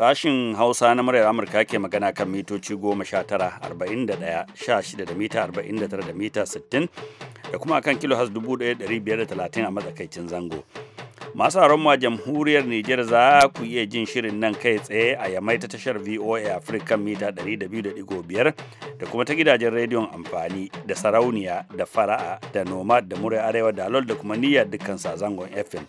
Sashin Hausa na muryar Amurka ke magana kan mitoci goma sha tara arba'in da ɗaya sha shida da mita arba'in da tara da mita sittin da kuma kan kilo has dubu a matsakaicin zango. Masu haron ma jamhuriyar Nijar za ku iya jin shirin nan kai tsaye a yamai ta tashar VOA Africa mita 200.5 da kuma ta gidajen rediyon amfani da sarauniya da fara'a da nomad da murai arewa da alol da kuma niyyar dukkan sa zangon FM.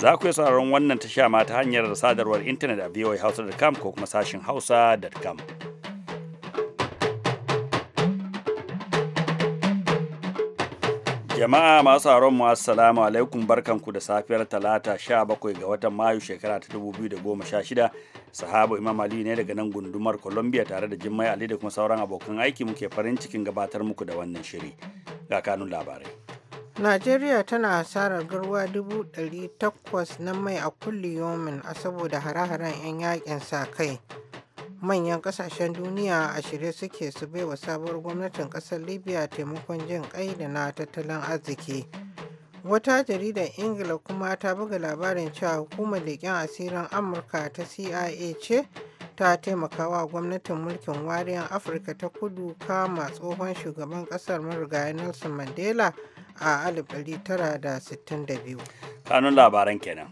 za ku iya sauraron wannan tasha ma ta hanyar sadarwar intanet a voahausa.com ko kuma sashin hausa.com jama'a masu sauraron mu assalamu alaikum barkanku da safiyar talata 17 ga watan mayu shekara ta 2016 sahabu imam ali ne daga nan gundumar kolumbiya tare da jimmai ali da kuma sauran abokan aiki muke farin cikin gabatar muku da wannan shiri ga kanun labarai Najeriya tana asarar garwa takwas na mai a yomin a saboda hare-haren 'yan yakin sa-kai. Manyan ƙasashen duniya a shirye suke su bai wa sabuwar gwamnatin ƙasar Libya taimakon jin kai da na tattalin arziki. Wata jaridar Ingila kuma ta buga labarin cewa hukumar leƙen asirin Amurka ta CIA ce ta taimakawa gwamnatin mulkin wariyar Afirka ta kudu kama tsohon shugaban ƙasar marigayi Nelson Mandela a 1962 kanun labaran kenan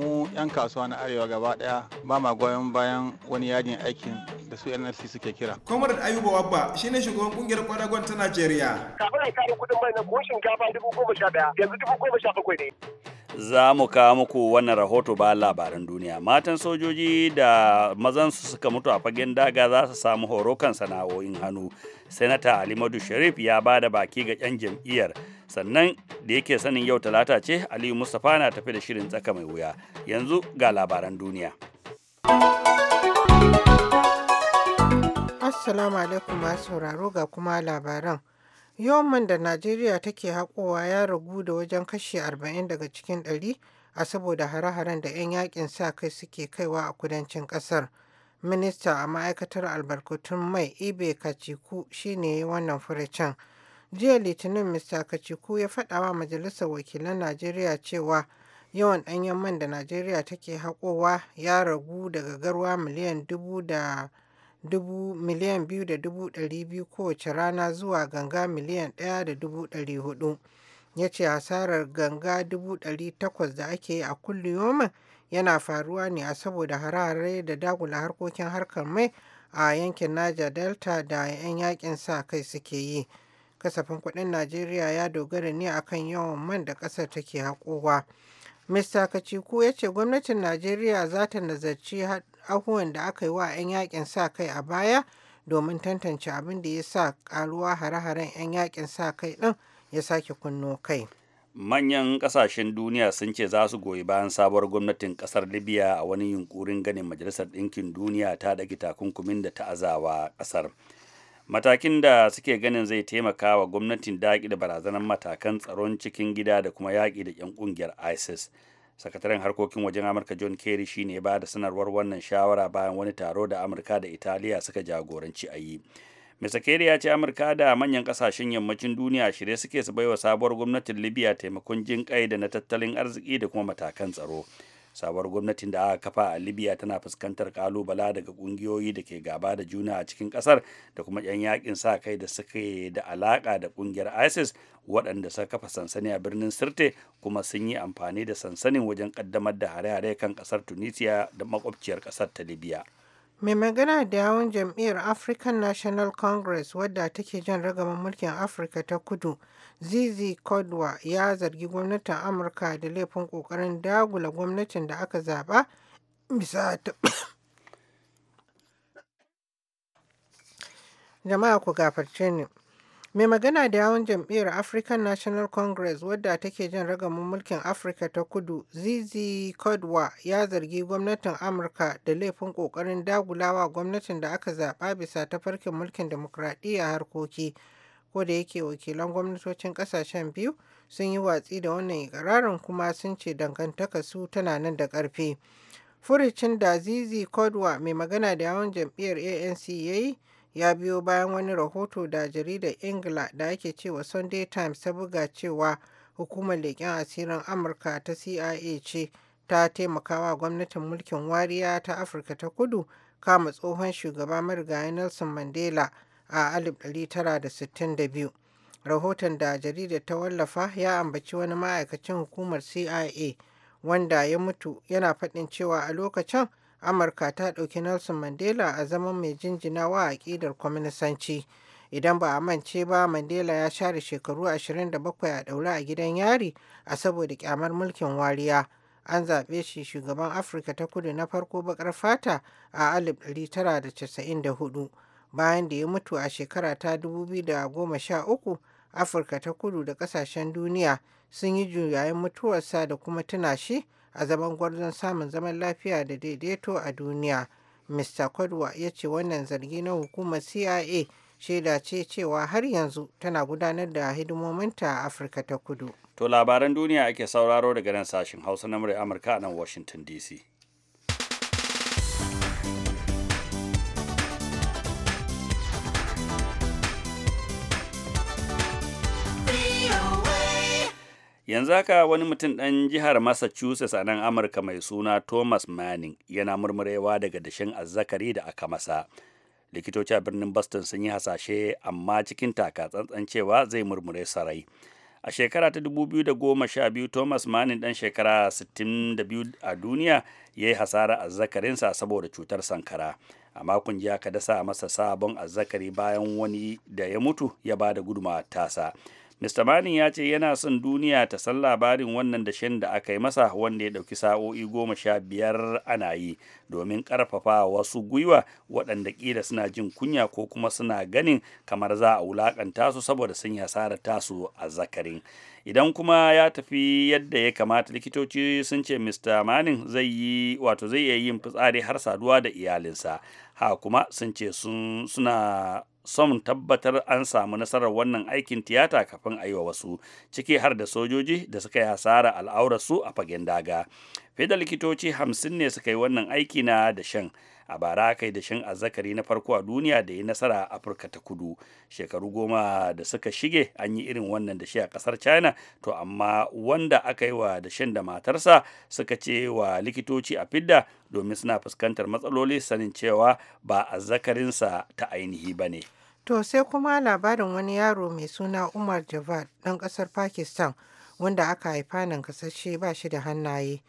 mu 'yan kasuwa na arewa gaba daya ba ma goyon bayan wani yajin aikin da su nlc suke kira. da ayuba wabba shine shugaban kungiyar kwadagon ta najeriya kafin a kare kudin mai na ko gaba 2011 yanzu 2017 ne za mu kawo muku wannan rahoto ba labaran duniya matan sojoji da mazan su suka mutu a fagen daga za su samu horo kan sana'o'in hannu sanata alimadu sharif ya ba da baki ga 'yan jam'iyyar sannan da yake sanin yau talata ce aliyu mustapha na tafi da shirin tsaka mai wuya yanzu ga labaran duniya assalamu alaikum masu sauraro ga kuma labaran Yawan man da Najeriya take haƙowa ya ragu da wajen kashe 40 daga cikin ɗari a saboda hare-haren da 'yan yakin sa kai suke kaiwa a kudancin ƙasar. Minista a ma'aikatar albarkatun mai Ibe Kaciku shine ya wannan furucin. Jiya Litinin Mr. Kaciku ya faɗa wa Majalisar Wakilan Najeriya cewa yawan ɗanyen man da Najeriya take haƙowa ya ragu daga garwa miliyan dubu da dubu miliyan biyu da dubu ɗari biyu kowace rana zuwa ganga miliyan ɗaya da dubu ɗari hudu. Ya ce hasarar ganga dubu ɗari takwas da ake yi a kullu kulliyomin yana faruwa ne a saboda harare da dagula harkokin harkar mai a yankin Naja Delta da 'yan yakin sa kai suke yi. Kasafin kuɗin Najeriya ya dogara ne akan yawan man da ƙasar take haƙowa. Mista Kaciku ya ce gwamnatin Najeriya za ta nazarci ahuwan da aka yi wa 'yan yakin sa kai a baya domin tantance abin da ya sa karuwa hare-haren 'yan yakin sa kai ɗin ya sake kunno kai. manyan kasashen duniya sun ce za su goyi bayan sabuwar gwamnatin kasar libya a wani yunkurin ganin majalisar ɗinkin duniya ta ɗage takunkumin da ta azawa kasar matakin da suke ganin zai taimaka wa gwamnatin daƙi da barazanar matakan tsaron cikin gida da kuma yaƙi da 'yan ƙungiyar isis sakataren harkokin wajen amurka john kerry shine ya ba da sanarwar wannan shawara bayan wani taro da amurka da italiya suka jagoranci a yi Mr. Kerry ya ce Amurka da manyan kasashen yammacin duniya shirye suke su baiwa sabuwar gwamnatin Libya taimakon jin kai da na tattalin arziki da kuma matakan tsaro. sabuwar gwamnatin da aka kafa a libya tana fuskantar kalubala daga kungiyoyi da ke gaba da juna a cikin kasar da kuma 'yan yakin sa kai da suke da alaka da kungiyar isis waɗanda suka kafa sansani a birnin sirte kuma sun yi amfani da sansanin wajen kaddamar da hare-hare kan kasar tunisia da makwabciyar kasar ta libya mai magana da yawon jam'iyyar african national congress wadda take jan ragaman mulkin afirka ta kudu Zizi Kodwa ya zargi gwamnatin Amurka da laifin ƙoƙarin dagula gwamnatin da aka zaɓa bisa ta. Jama'a ku gafarce ni. Mai magana da yawon jam'iyyar African National Congress wadda take jin ragamin mulkin Afirka ta kudu Zizi Kodwa ya zargi gwamnatin Amurka da laifin ƙoƙarin dagulawa gwamnatin da aka zaɓa bisa ta farkin mulkin demokradiyya harkoki. ko da yake wakilan gwamnatocin kasashen biyu sun yi watsi da wannan ikirarin kuma sun ce dangantaka su tana nan da ƙarfi furicin da zizi kodwa mai magana da yawon jam'iyyar anc ya yi ya biyo bayan wani rahoto da jaridar ingila da ake cewa sunday times ta buga cewa hukumar leƙen asirin amurka ta cia ce ta taimakawa gwamnatin mulkin wariya ta afirka ta kudu kama tsohon shugaba marigayi nelson mandela a 1962. Rahoton da jaridar ta wallafa ya ambaci wani ma'aikacin hukumar CIA wanda ya mutu yana faɗin cewa a lokacin Amurka ta ɗauki Nelson Mandela a zaman mai jinjinawa a aƙidar kwaminisanci. Idan ba a mance ba Mandela ya share shekaru 27 a ɗaure a gidan yari a saboda kyamar mulkin wariya. an zaɓe shi shugaban afirka ta kudu na farko baƙar fata a 1994 bayan da ya mutu a shekara ta 2013 afirka ta kudu da kasashen duniya sun yi juyayen mutuwarsa da kuma tuna shi a zaman gwarzon samun zaman lafiya da daidaito a duniya mr kodwa ya ce wannan zargi na hukumar cia shaida ce cewa har yanzu tana gudanar da hidimominta a afirka ta kudu to labaran duniya ake sauraro daga nan sashen hausa na amurka a nan washington dc yanzu haka wani mutum ɗan jihar massachusetts a nan amurka mai suna thomas manning yana murmurewa daga dashen azzakari da aka masa likitoci a birnin boston sun yi hasashe amma cikin taka tsantsan cewa zai murmure sarai a shekara ta 2012 thomas manning dan shekara 62 a duniya ya yi hasara azzakarinsa saboda cutar sankara a makon jiya ka dasa masa sabon azzakari bayan wani da ya mutu ya ba da guduma tasa Mr. Manning ya ce yana son duniya ta san labarin wannan da dashen da aka yi masa wanda ya ɗauki sa'o'i goma sha biyar ana yi domin ƙarfafa wasu gwiwa waɗanda ƙila suna jin kunya ko kuma suna ganin kamar za a wulaƙanta su saboda sun yi hasarar tasu a zakarin. idan kuma ya tafi yadda ya kamata likitoci sun ce mr manning zai yi wato zai iya yin fitsari har saduwa da iyalinsa ha kuma sun ce suna son tabbatar an samu nasarar wannan aikin tiyata kafin a yi wa wasu ciki har da sojoji da suka yi hasara al'aurarsu a fagen daga fiye da likitoci hamsin ne suka yi wannan aiki na da shan a bara kai da shin azzakari na farko a duniya da ya nasara a afirka ta kudu shekaru goma da suka shige an yi irin wannan da shi a kasar china to amma wanda aka yi wa da shin da matarsa suka ce wa likitoci a fidda domin suna fuskantar matsaloli sanin cewa ba azzakarinsa ta ainihi ba ne to sai kuma labarin wani yaro mai suna umar javad ɗan ƙasar pakistan wanda aka haifa nan kasashe ba shi da hannaye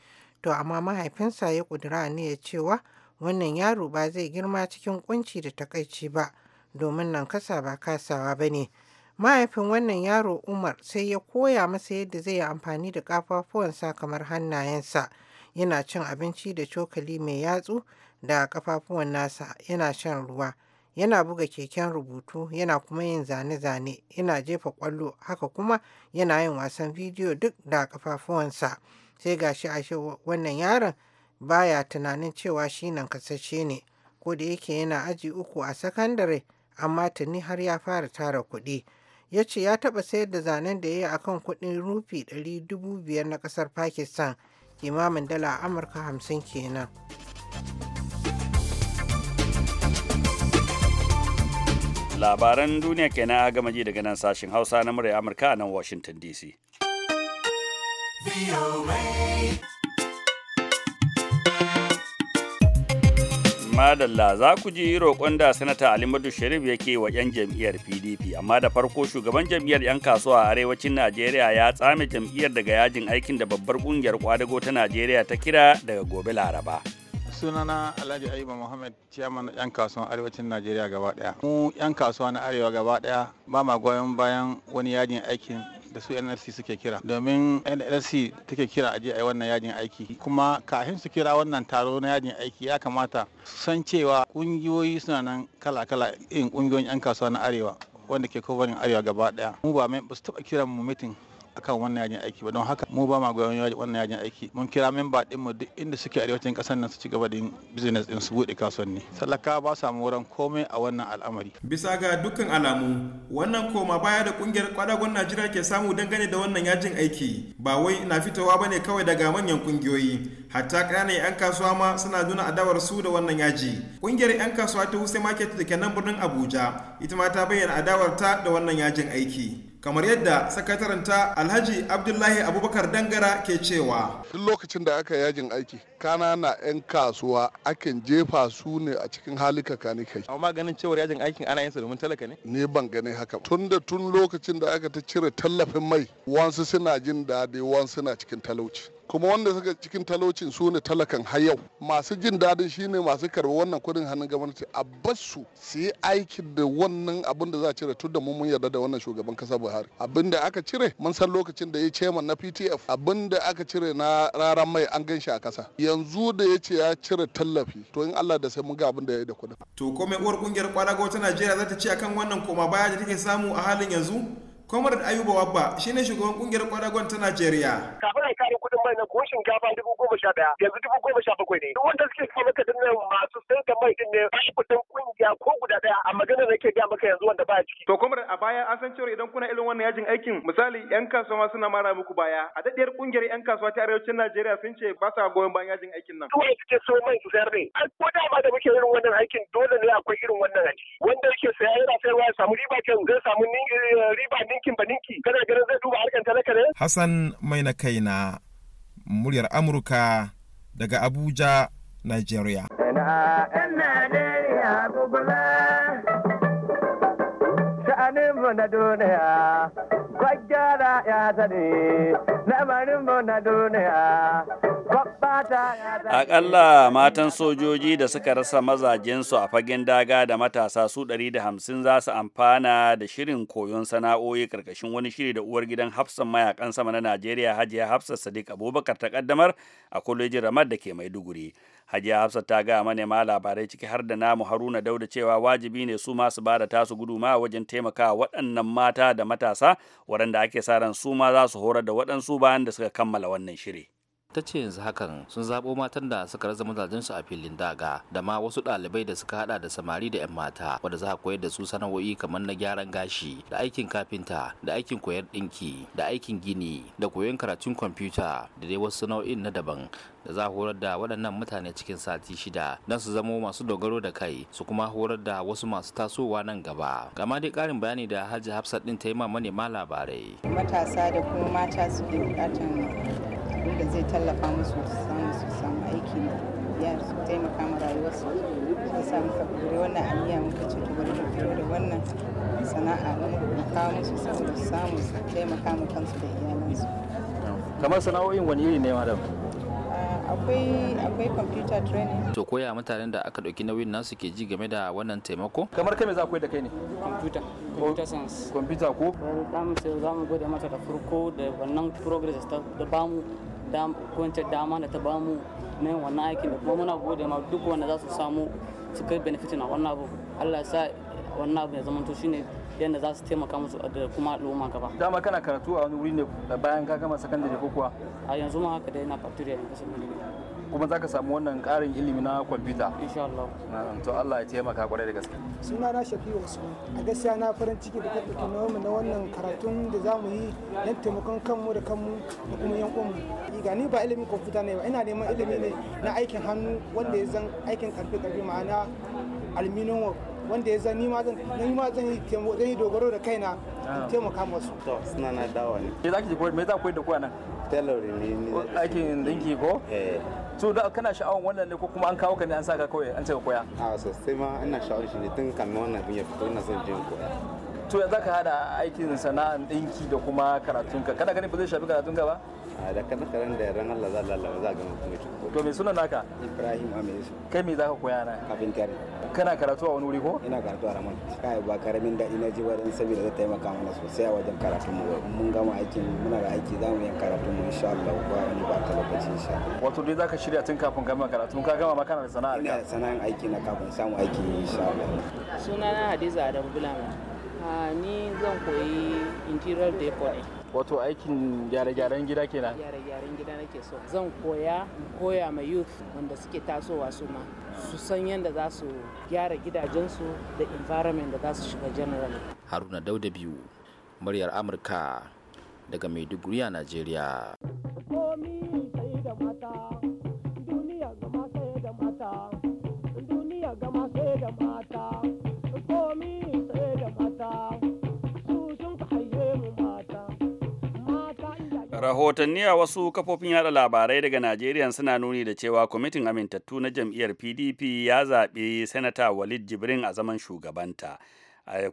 to amma mahaifinsa ya ƙudira ne ya cewa wannan yaro ba zai girma cikin kunci da takaici ba domin nan kasa ba kasawa ba ne mahaifin wannan yaro umar sai ya koya masa yadda zai yi amfani da kafafuwansa kamar hannayensa yana cin abinci da cokali mai yatsu da kafafuwan nasa yana shan ruwa yana buga keken rubutu yana kuma yin zane-zane yana jefa kwallo haka kuma yana yin wasan bidiyo duk da kafafuwansa sai gashi ashe wannan yaron baya tunanin cewa shi nan kasashe ne ko da yake yana aji uku a sakandare amma tuni har ya fara tara kuɗi ya ce ya taɓa sayar da zanen da ya yi kan kuɗin rufi ɗari dubu biyar na ƙasar pakistan kimamin dala amurka hamsin kenan labaran duniya kenan a gama ji daga nan sashen hausa na murya amurka a nan washington dc madalla za ku ji roƙon da sanata alimadu sharif yake wa 'yan jam'iyyar pdp amma da farko shugaban jam'iyyar 'yan kasuwa a arewacin najeriya ya tsame jam'iyyar daga yajin aikin da babbar kungiyar kwadago ta najeriya ta kira daga gobe laraba sunana alhaji ayuba muhammad ciyaman yan kasuwan arewacin najeriya gaba daya mu yan kasuwa na arewa gaba daya ba ma goyon bayan wani yajin aikin da su nlc suke kira domin nlc take kira aje a wannan yajin aiki kuma kafin su kira wannan taro na yajin aiki ya kamata su san cewa kungiyoyi suna nan kala-kala in kungiyoyin 'yan kasuwa na arewa wanda ke kovarin arewa gaba daya mu ba mai ba su taba kiran mu mitin akan wannan yajin aiki ba don haka mu ba ma goyon wannan yajin aiki mun kira memba din mu duk inda suke arewacin kasar nan su ci gaba da yin business din su bude kasuwanni talaka ba sa wurin komai a wannan al'amari bisa ga dukkan alamu wannan koma baya da kungiyar kwadagon Najeriya ke samu dangane da wannan yajin aiki ba wai na fitowa bane kawai daga manyan kungiyoyi hatta ƙananan 'yan kasuwa ma suna nuna adawar su da wannan yaji ƙungiyar 'yan kasuwa ta Hussein Market da ke nan birnin Abuja ita ma ta bayyana adawar ta da wannan yajin aiki kamar yadda sakataranta alhaji abdullahi abubakar dangara ke cewa duk lokacin da aka yajin aiki kanana 'yan kasuwa akan jefa su ne a cikin halika kani kai amma ganin cewar yajin aikin ana yin sa domin talaka ne ni ban gane haka tun da tun lokacin da aka ta cire tallafin mai wansu suna jin daɗi wansu suna cikin talauci kuma wanda suka cikin talocin su ne talakan har yau masu jin daɗin shine masu karɓi wannan kudin hannun gwamnati a basu su yi aikin da wannan abin da za a cire tun da mun yarda da wannan shugaban kasa buhari abin da aka cire mun san lokacin da ya chairman na ptf abin aka cire na raran mai an gan shi a kasa yanzu da ya ce ya cire tallafi to in allah da sai mun ga abin da ya yi da kudin. to ko uwar kungiyar kwadago ta najeriya za ta ce akan wannan koma baya da take samu a halin yanzu Comrade Ayuba Wabba ne shugaban kungiyar kwadagon ta Najeriya. Kafin a kare kuɗin mai na ko shinkafa dubu goma sha ɗaya yanzu dubu goma sha bakwai ne. Duk wanda suke kuma maka dinnan masu sayar da mai din ne bashi kuɗin kungiya ko guda ɗaya a magana da nake ga maka yanzu wanda ba ciki. To Comrade a baya an san cewa idan kuna irin wannan yajin aikin misali yan kasuwa suna mara muku baya. A daɗiyar kungiyar yan kasuwa ta arewacin Najeriya sun ce ba sa goyon bayan yajin aikin nan. Kawai suke so mai su sayar ne. Ai ko da ma da muke irin wannan aikin dole ne akwai irin wannan aiki. Wanda yake saya sayarwa ya samu riba kan zai samu eh, riba ne ninkin ba ninki kana ganin zai duba harkan talaka Hassan mai na kai na muryar Amurka daga Abuja Nigeria Akalla, matan sojoji da suka rasa mazajensu a fagen daga da matasa su ɗari 150 za su amfana da shirin koyon sana'o'i ƙarƙashin wani shiri da uwar gidan hafsan mayakan sama na Najeriya Hajiya Hafsa Sadiq Abubakar ta kaddamar a Kolejin ramar da ke Maiduguri. Hajiya Hafsa ta gaya manema labarai ciki har da namu Haruna Dauda cewa wajibi ne su masu bada tasu guduma wajen taimakawa waɗannan mata da matasa waɗanda ake sa ran su ma za su horar da waɗansu bayan da suka kammala wannan shiri. ta ce yanzu hakan sun zaɓo matan da suka rasa mazajensu a filin daga da ma wasu ɗalibai da suka hada da samari da 'yan mata wanda za a koyar da su sana'o'i kamar na gyaran gashi da aikin kafinta da aikin koyar ɗinki da aikin gini da koyon karatun kwamfuta da dai wasu nau'in na daban da za a horar da waɗannan mutane cikin sati shida don su zamo masu dogaro da kai su kuma horar da wasu masu tasowa nan gaba gama dai ƙarin bayani da hajji hafsat ɗin ta yi ma manema labarai matasa da kuma mata su da zai tallafa musu su samu su samu aiki ya su taimaka ma rayuwarsu sai sa muka kudure wannan aniya muka ce to bari mu fito da wannan sana'a mu kawo musu saboda su samu su taimaka ma kansu da iyalansu kamar sana'o'in wani iri ne madam ah, akwai akwai computer training to koya mutanen da aka dauki nauyin nasu ke ji game da wannan taimako kamar kai me za ku da kai ne computer computer science computer ko za mu za mu gode mata da farko da wannan progress da ba mu kwanciyar dama da ta bamu na yin wannan aikin da kuma muna gode ma duk wanda za su samu su kai benefit na wannan abu Allah sa wannan abu ya zama to shine yadda za su taimaka musu da kuma al'umma gaba dama kana karatu a wani wuri ne bayan ka gama sakandare ko kuwa a yanzu ma haka dai na fatura yanzu sun kuma za ka samu wannan ƙarin ilimi na kwamfuta Allah to Allah ya taimaka kwarai da gaske suna na Shafi'u Usman a gaskiya na farin ciki da kuka tuno na wannan karatun da za mu yi don taimakon kanmu da kanmu da kuma yan uwanmu ga ni ba ilimin kwamfuta ne ba ina neman ilimi ne na aikin hannu wanda ya zan aikin karfe karfe ma'ana aluminium work wanda ya zan ni ma zan ni ma zan yi dogaro da kaina in taimaka masu to suna na dawa ne me za ki koyar me za ku koyar da kuwa nan tailoring ne aikin dinki ko eh so da kana sha'awan wannan ne ko kuma an kawo ka ne an saka kawai an saka koya a sosai ma ina sha'awar shi ne tun kamin wannan abin ya fito ina son jin koya to ya zaka hada aikin sana'an dinki da kuma karatunka kana ganin ba zai shafi karatunka ba da kana karan da yaran Allah za Allah za ga mutum cikin to me sunan naka Ibrahim Amesu kai me zaka koya na kare. kana karatu a wani wuri ko ina karatu a Ramon. kai ba karamin da ina ji wajen saboda zai taimaka mana sosai a wajen karatu mu mun gama aikin muna da aiki za mu yi karatu mu insha Allah ba wani ba ta lokaci insha Allah wato dai zaka shirya tun kafin gama karatu ka gama ma kana da sana'a ina da sana'an aiki na kafin samu aiki insha Allah sunana Hadiza Adamu Bulama ah, ni zan koyi interior decor wato aikin gyare-gyaren gida kenan gyare-gyaren gida nake so zan koya koya ma youth wanda suke tasowa su ma su san yadda za su gyara gidajensu da environment da za su shiga general haruna dauda biyu muryar amurka daga maiduguri a nigeria. Rahotanni a wasu kafofin yada labarai daga Najeriya suna nuni da cewa kwamitin amintattu na jam'iyyar PDP ya zaɓi Sanata Walid Jibrin a zaman shugabanta.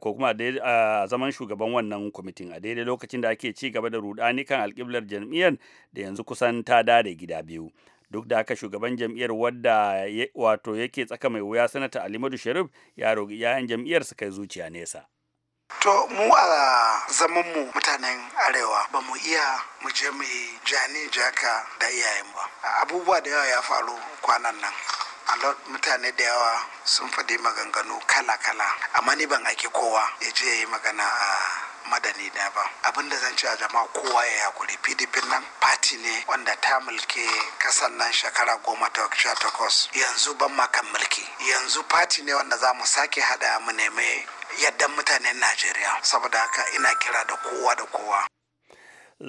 ko kuma a zaman shugaban wannan kwamitin a daidai lokacin da ake ci gaba da rudani kan alkiblar jam'iyyar da yanzu kusan ta dare gida biyu duk da haka shugaban jam'iyyar wadda wato yake tsaka mai wuya sanata alimadu sharif ya roƙi 'ya'yan jam'iyyar su kai zuciya nesa To mu a zaman mu mutanen arewa ba mu iya mu je mu jani jaka da iyayen ba. Abubuwa da yawa ya faru kwanan nan. lot mutane da yawa sun faɗi maganganu kala-kala amma ni ban aiki kowa ya je ya yi magana a madani na ba abin da zan ci a jama'a kowa ya hakuri pdp nan party ne wanda ta mulke kasan nan shekara goma ta sha takwas yanzu ban makan mulki yanzu party ne wanda za mu sake hada mu neme yaddan mutanen najeriya saboda haka ina kira da kowa da kowa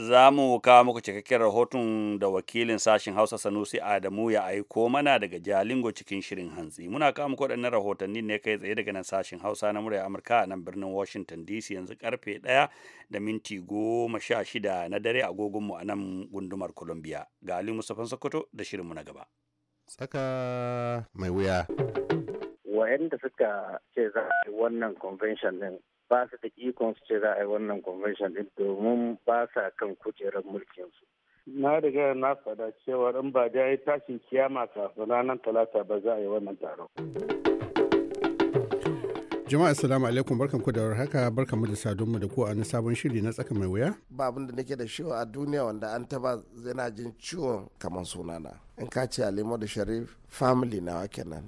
za mu kawo muku cikakken rahoton da wakilin sashen hausa sanusi adamu ya aiko mana daga jalingo cikin shirin hantsi muna kawo muku waɗannan rahotanni ne kai tsaye daga nan sashen hausa na murya amurka a nan birnin washington dc yanzu karfe ɗaya da minti goma sha shida na dare agogonmu a nan gundumar columbia ga ali mustapha sokoto da shirin mu na gaba tsaka mai wuya wayanda suka ce za a yi wannan convention din ba su da ikon su ce za a yi wannan convention din domin ba sa kan kujerar su. Na riga na fada cewa in ba da yi tashin kiyama kafin ranar talata ba za a yi wannan taro. Jama'a assalamu alaikum barkan ku da haka barkan mu da sadon mu da ku a wani sabon shiri na tsaka mai wuya. Ba abin da nake da shi a duniya wanda an taba yana jin ciwon kamar sunana. In ka ce Alimo da Sharif family na wa kenan.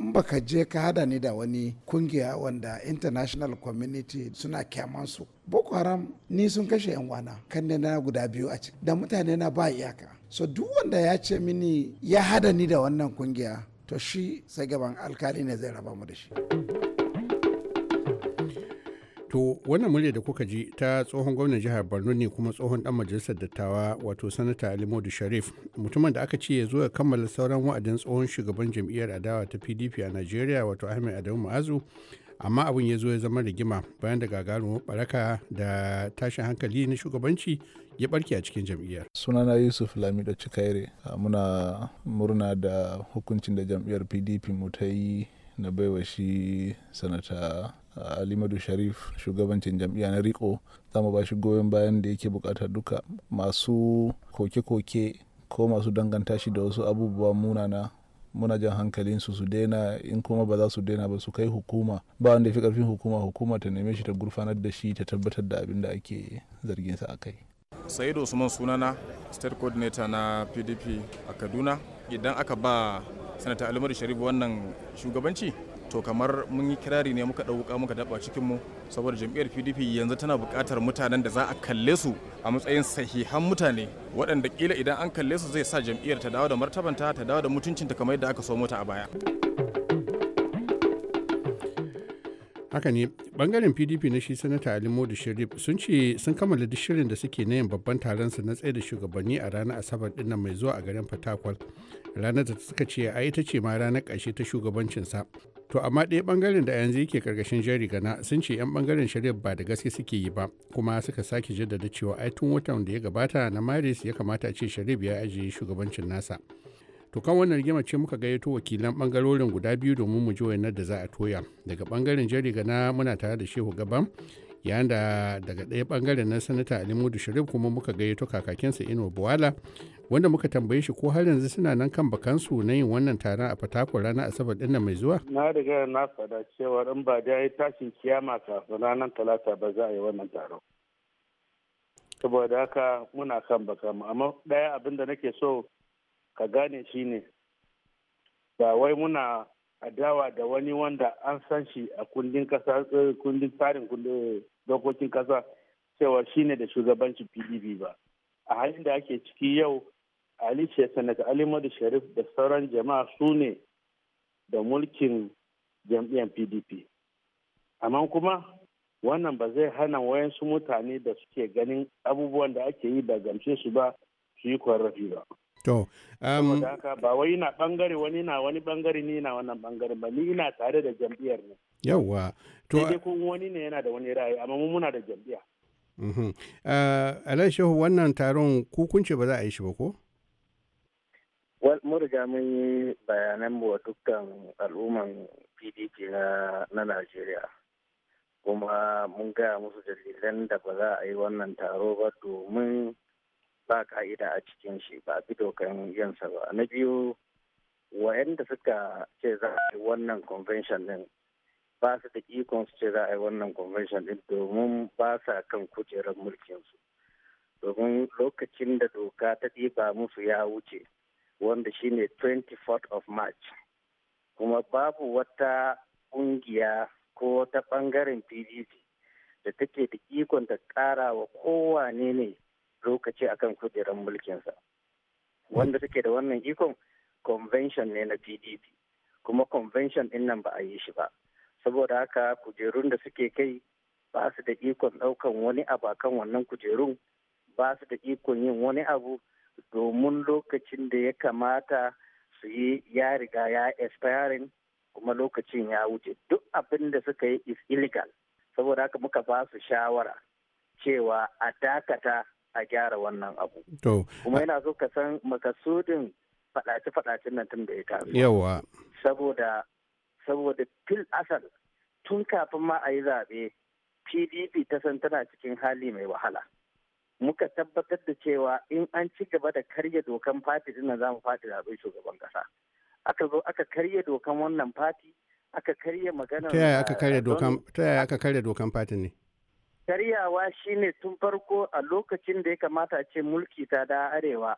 in baka je ka hada ni da wani kungiya wanda international community suna kyaman su boko haram ni sun kashe yan wana kan ne na guda biyu a ciki da mutane na ba iyaka so duk wanda ya ce mini ya hada ni da wannan kungiya to shi sai gaban alkali ne zai raba mu da shi To wannan murya da kuka ji ta tsohon gwamnan jihar Borno ne kuma tsohon dan majalisar dattawa wato sanata Alimodu Sharif mutumin da aka ce ya zo ya kammala sauran wa'adin tsohon shugaban jam'iyyar adawa ta PDP a Najeriya wato Ahmed Adamu Ma'azu amma abin ya zo ya zama rigima bayan da gagarumin baraka da tashin hankali na shugabanci ya barke a cikin jam'iyyar. sunana yusuf lamido cikaire muna murna da hukuncin da jam'iyyar pdp mu ta yi na baiwa shi sanata alimadu sharif shugabancin jam'iyya na riko za mu ba shi goyon bayan da yake bukata duka masu koke-koke ko masu danganta shi da wasu abubuwa munana muna jan su su daina in kuma ba za su daina ba su kai hukuma ba wanda ya fi karfin hukuma hukuma ta neme shi ta gurfanar da shi ta tabbatar da abin da ake zargin sa akai da usman sunana state coordinator na pdp a kaduna idan aka ba sanata alimadu sharif wannan shugabanci to kamar mun yi kirari ne muka ɗauka muka daba cikin mu saboda jam'iyyar pdp yanzu tana buƙatar mutanen da za a kalle su a matsayin sahihan mutane waɗanda ƙila idan an kalle su zai sa jam'iyyar ta dawo da martabanta ta dawo da mutuncinta kamar yadda aka so mota a baya haka ne bangaren pdp na shi sanata ali modu sharif sun ce sun kammala duk shirin da suke na yin babban taron su na tsaye da shugabanni a ranar asabar dinnan mai zuwa a garin fatakwal ranar da suka ce a ita ce ma ranar ƙarshe ta shugabancinsa to amma ɗaya ɓangaren da yanzu yake karkashin jari gana sun ce 'yan ɓangaren shari'a ba da gaske suke yi ba kuma suka sake jaddada cewa ai tun watan da ya gabata na maris ya kamata a ce sharif ya ajiye shugabancin nasa to kan wannan rigima ce muka gayyato wakilan ɓangarorin guda biyu domin mu ji wayannan da za a toya daga ɓangaren jari gana muna tare da shehu gaban yayin da daga ɗaya ɓangaren na sanata ali mudu sharif kuma muka gayyato kakakinsa ino buwala wanda muka tambaye shi ko har yanzu suna nan kan bakansu na yin wannan taron a fatako rana asabar ɗin mai zuwa na riga na faɗa cewa in ba da yi tashin kiyama kafin ranar talata ba za a yi wannan taron saboda haka muna kan bakanmu amma ɗaya abin da nake so ka gane shine ba wai muna adawa da wani wanda an san shi a kundin kasa eh, kundin tsarin dokokin kasa cewa shine da shugabancin pdp ba a halin da ake ciki yau ali sanata ali madu sharif da sauran jama'a su ne da mulkin jam'iyyar pdp amma kuma wannan ba zai hana wayansu mutane da suke ganin abubuwan da ake yi ba gamshe su ba su yi kwarrafi ba To, um, ba wai na bangare wani na wani bangare ni na wannan bangare ba ni ina tare da jam'iyyar ne. yawwa to kun wani ne yana da wani ra'ayi amma mun muna da jam'iyya mhm. alai shehu wannan taron ku kun ce ba za a yi shi ba ko mun riga mun yi bayanan wa dukkan al'umman pdp na najeriya kuma mun gaya musu dalilan da ba za a yi wannan taro ba domin ba ka'ida a cikin shi ba bi dokan yansa ba na biyu wayanda suka ce za a yi wannan convention din ba su da ikon su ce za a yi wannan convention din domin ba sa kan kujerar mulkinsu domin lokacin da doka ta ɗiba musu ya wuce wanda shine 24th of march kuma babu wata ƙungiya ko wata ɓangaren pdp da take da ikon da ƙara wa kowane ne lokaci akan kujerar mulkinsa wanda take da wannan ikon convention ne na pdp kuma convention din nan ba a yi shi ba saboda haka kujerun da suke kai ba su da ikon ɗaukan wani abu a kan wannan kujerun ba su da ikon yin wani abu domin lokacin da ya kamata su yi ya riga ya expiring kuma lokacin ya wuce duk abin da suka yi is illegal saboda haka muka ba su shawara cewa a dakata a gyara wannan abu kuma yana so ka san makasudin faɗace-faɗacen nan tun da ya taso saboda saboda fil asal tun kafin ma a yi zaɓe pdp ta san tana cikin hali mai wahala muka tabbatar da cewa in an ci gaba da karya dokan fati dinnan za mu fati zaɓen shugaban ƙasa aka zo aka karya dokan wannan fati aka karya magana eh, ta yaya aka karya dokan aka karya dokan fati ne karyawa shine tun farko a lokacin da ya kamata a ce mulki ta da arewa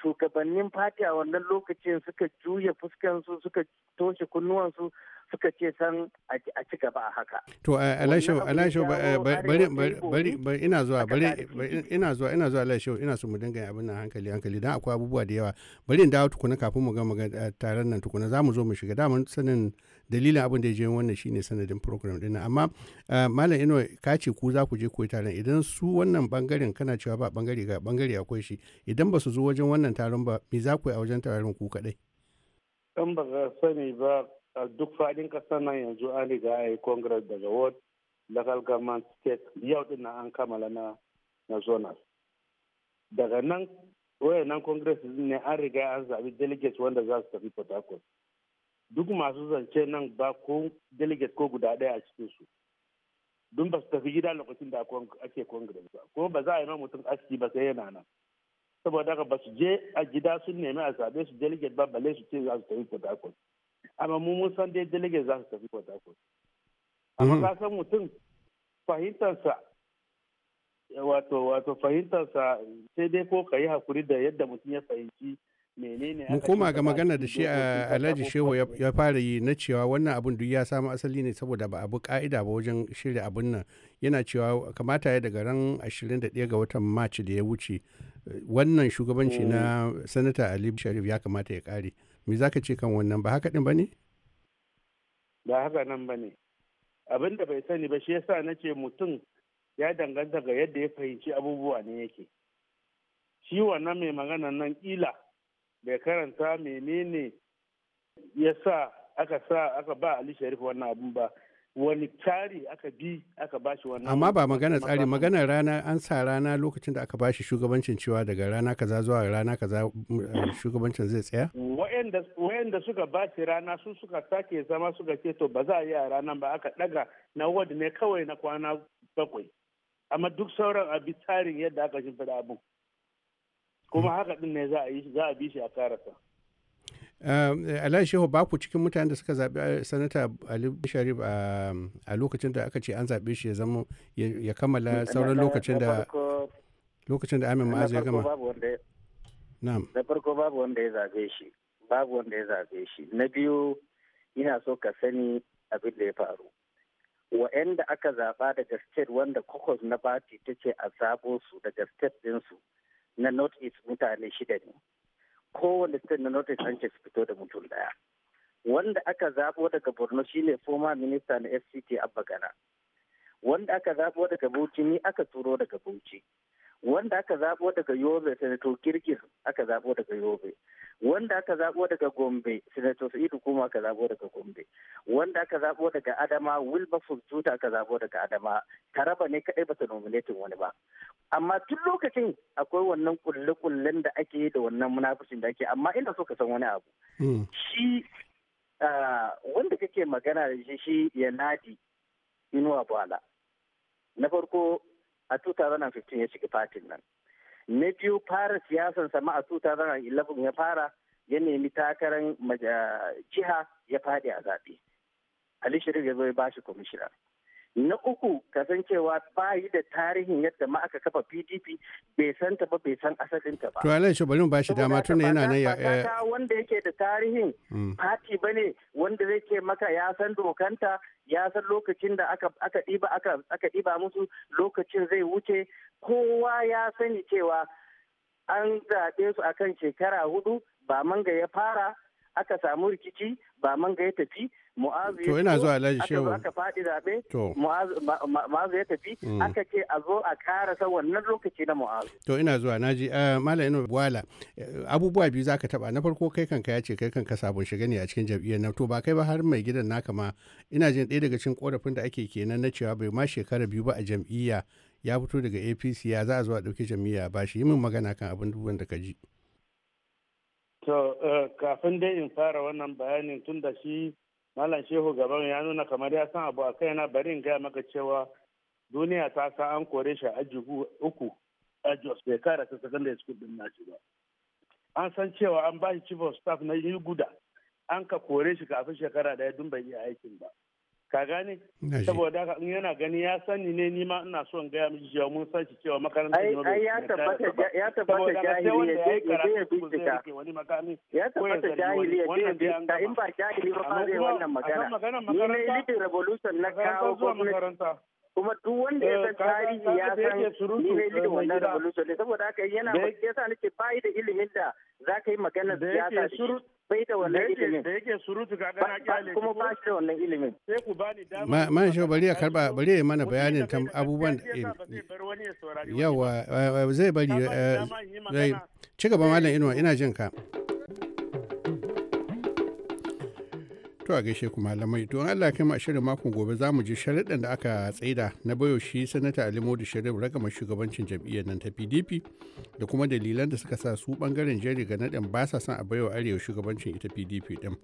shugabannin fati a wannan lokacin suka juya fuskansu suka toshe kunnuwansu suka ce san a ci gaba a haka. To eh, Alaisho Alaisho eh, bari bari ina zuwa ina zuwa ina ina so mu dinga abin nan hankali hankali dan akwai abubuwa da yawa bari in dawo tukuna kafin mu ga eh, taron nan tukuna zamu zo mu shiga da sanin dalilin abin da ya je wannan shine sanadin program din amma eh, malam ino ka ce ku za ku je koyi taron idan su wannan bangaren kana cewa ba bangare ga bangare akwai shi idan ba su zo wajen wannan taron ba me za ku yi a wajen taron ku kadai dan ba za sani ba a duk fadin kasar nan yanzu an riga a yi congress daga ward local government state yau din an kammala na na zonal daga nan wayannan congress ne an riga an zabi delegates wanda za su tafi port duk masu zance nan ba ko delegate ko guda ɗaya a cikin su don ba su tafi gida lokacin da ake congress ba ko ba za a yi ma mutum aski ba sai yana nan saboda haka ba su je a gida sun nemi a zaɓe su delegate ba balle su ce za su tafi port harcourt amma mu mun san dai delegate za su tafi port harcourt amma mm-hmm. ka san mutum fahimtarsa wato wato fahimtarsa sai dai ko ka yi hakuri da yadda mutum ya fahimci mu koma ga magana da shi ah, alhaji shehu ya fara yi na cewa wannan abun duk ya samu asali ne saboda ba abu ka'ida ba wajen shirya abun nan yana cewa kamata ya daga ran 21 ga watan maci da ya wuce eh, wannan shugabanci na oh. sanata ali sharif ya kamata ya kare me zaka ce kan wannan ba haka din bane ba haka nan bane abin da bai sani ba shi yasa nace mutum ya danganta ga yadda ya fahimci abubuwa ne yake shi wannan mai magana nan kila bai karanta menene ya sa aka sa aka ba Ali Sharif wannan abun ba wani tsari aka bi aka ba shi wannan amma ba magana tsari magana rana an sa rana lokacin da aka ba shi shugabancin cewa daga rana kaza zuwa rana kaza mm, eh, shugabancin zai tsaya wayanda suka ba shi rana su suka sake zama suka ce to ba za a yi a ranar ba aka daga na wadda ne kawai na kwana bakwai amma duk sauran a bi tsarin yadda aka shimfiɗa abu kuma haka din ne za a za a bi shi a karasa eh, Alhaji Shehu ba ku cikin mutanen da suka zaɓi eh, sanata Ali Sharif a lokacin da aka ce an zaɓe shi ya zama ya kammala sauran lokacin da lokacin da Amin Ma'azu ya gama. Na farko babu wanda ya zaɓe shi. Babu wanda ya zaɓe shi. Na biyu ina so ka sani abin da ya faru. Wa'anda aka zaɓa daga state wanda kokos na bati ta ce a zabo su daga state ɗinsu. su. na north east mutane shida ne kowane state na north east an ce fito da mutum daya wanda aka zaɓo daga borno shine former Minista na fct abba gana wanda aka zaɓo daga bauchi ni aka turo daga bauchi wanda aka zaɓo daga yobe sanato kirkir aka zaɓo daga yobe wanda aka zaɓo daga gombe sanato sa'idu kuma aka zaɓo daga gombe wanda aka zaɓo daga adama wilberforce juta aka zaɓo daga adama taraba ne kaɗai bata nominatin wani ba amma tun lokacin akwai wannan kulle-kullen da ake yi da wannan munafushin da ake amma ina so ka san wani abu hmm. shi ah, wanda kake magana da shi shi ya inuwa bala na farko a 2015 ya shiga fatin nan na biyu fara siyasan sama a 2011 ya fara ya nemi takarar jiha ya fadi a zaɓe ali sharif ya zo ya bashi kwamishina na uku kasancewa ba yi da tarihin yadda ma aka kafa pdp bai san ta ba bai san asalin ta ba to alan shabalin ba shi dama tun yana nan ya eh, wanda yake da tarihin mm. party bane wanda zai ke maka ya san dokanta ya san lokacin da aka aka diba aka aka diba musu lokacin zai wuce kowa ya sani cewa an zaɓe su akan shekara hudu ba manga ya fara aka samu rikici ba man ga ya tafi mu'azu to ina zuwa alhaji shehu aka faɗi zaɓe mu'azu ya tafi mm. aka ce a zo a karasa wannan lokaci na mu'azu to ina zuwa naji eh, malam ina wala eh, abubuwa biyu zaka taba na farko kai kanka ya ce kai kanka sabon shiga ne a cikin jam'iyyar na to ba kai ba har mai gidan naka ma ina jin ɗaya daga cikin korafin da ake kenan na cewa bai ma shekara biyu ba a jam'iyya ya fito daga apc ya za a zo a ɗauki jam'iyya ba shi yi min magana kan abin duban da ka ji To, eh, kafin dai in fara wannan bayanin tun da shi Malam Shehu gaban ya nuna kamar ya san abu a kaina bari in gaya maka cewa duniya ta san an kore shi a jugu uku a Jos bai kara ta secondary school din nashi ba. An san cewa an ba shi chief of staff na guda an ka kore shi kafin shekara daya dun bai yi aikin ba. ka gane saboda haka in yana gani ya sani ne ni ma ina son gaya miki cewa mun san shi cewa makaranta ne ai ya tabbata ya tabbata jahili ya je ya bincika ya tabbata jahili ya je ya bincika in ba jahili ba ba zai wannan magana ni ne little revolution na kawo gwamnati kuma duk wanda ya eh, san tarihi ya san ni ne eh, da wannan revolution ne saboda haka yana yasa nake bai da ilimin da za ka yi magana siyasa shi bai da wannan ilimin da yake surutu ga dana kyale kuma ba shi da wannan ilimin sai ku bani dama man shi bari ya karba bari ya mana bayanin tam abubuwan yawa zai bari eh, zai ci gaba mallam inuwa ina jin ka To a gaishe ku malamai don Allah kai mu shirin makon gobe za mu ji sharaɗin da aka tsaida na bayo shi sanata Ali Modu Sharif ragama shugabancin jam'iyyar nan ta PDP da kuma dalilan da suka sa su bangaren jeri ga naɗin ba sa son a bayo arewa shugabancin ita PDP din.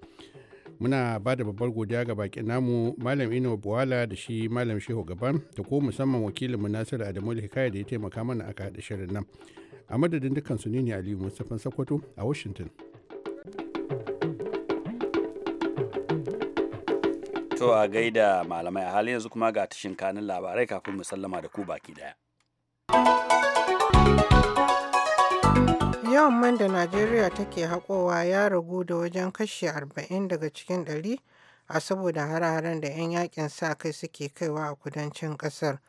muna ba da babbar godiya ga bakin namu malam ino buwala da shi malam shehu gaban da ko musamman wakilin mu nasiru adamu hikaya da ya taimaka mana aka haɗa shirin nan a madadin dukkan su ne aliyu mustapha sakwato a washington To a gaida malamai a halin yanzu kuma ga tashin kanin labarai kafin mu sallama da ku baki daya. Yawan man da Najeriya take haƙowa ya ragu da wajen kashe 40 daga cikin 100 a saboda hare da 'yan yakin sa kai suke kaiwa a kudancin kasar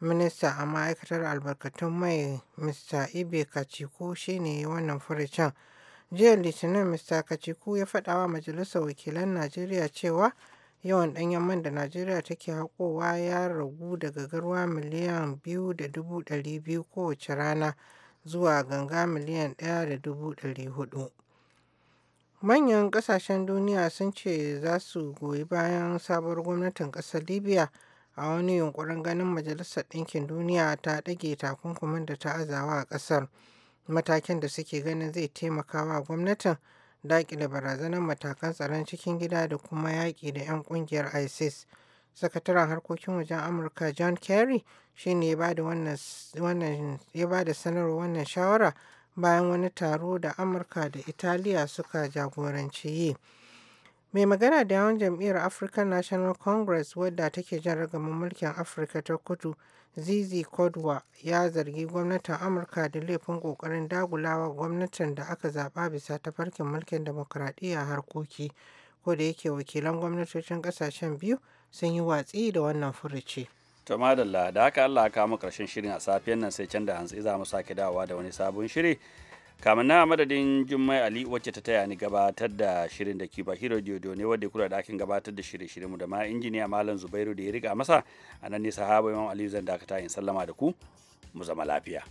Minista a ma'aikatar albarkatun mai Mr. Ibe Kaciku shine wannan furucin. Jiya Litinin Mr. Kaciku ya faɗawa Majalisar Wakilan Najeriya cewa yawan ɗanyen man da Najeriya take haƙowa ya ragu daga garwa miliyan biyu da dubu ɗari biyu kowace rana zuwa ganga miliyan ɗaya da dubu ɗari hudu. Manyan ƙasashen duniya sun ce za su goyi bayan sabuwar gwamnatin ƙasar Libya a wani yunkurin ganin Majalisar Ɗinkin Duniya ta ɗage takunkumin da ta azawa a ƙasar, matakin da suke ganin zai taimakawa wa gwamnatin daƙile barazanar matakan tsaron cikin gida da kuma yaƙi da 'yan ƙungiyar isis sakataren harkokin wajen amurka john kerry shine ya ba da sanarwa wannan shawara bayan wani taro da amurka da italiya suka jagoranci yi Mai magana da yawon jam'iyyar African National Congress wadda take jan ragaman mulkin Afirka ta Kudu, Zizi Kodwa ya zargi gwamnatin Amurka da laifin ƙoƙarin dagulawa gwamnatin da aka zaɓa bisa ta farkin mulkin demokradiyya harkoki, ko da yake wakilan gwamnatocin ƙasashen biyu sun yi watsi da wannan furuci. To madalla da haka Allah ya kawo ƙarshen shirin a safiyan nan sai can da hantsi za mu sake dawowa da wani sabon shiri. kamar na madadin jummai ali wacce ta taya ni gabatar da shirin da ke bahiro diodo ne wadda kula da akin gabatar da shirye mu da ma injiniya malam zubairu da ya riga masa a nan ne sahaba imam ali zan dakata in sallama da ku mu zama lafiya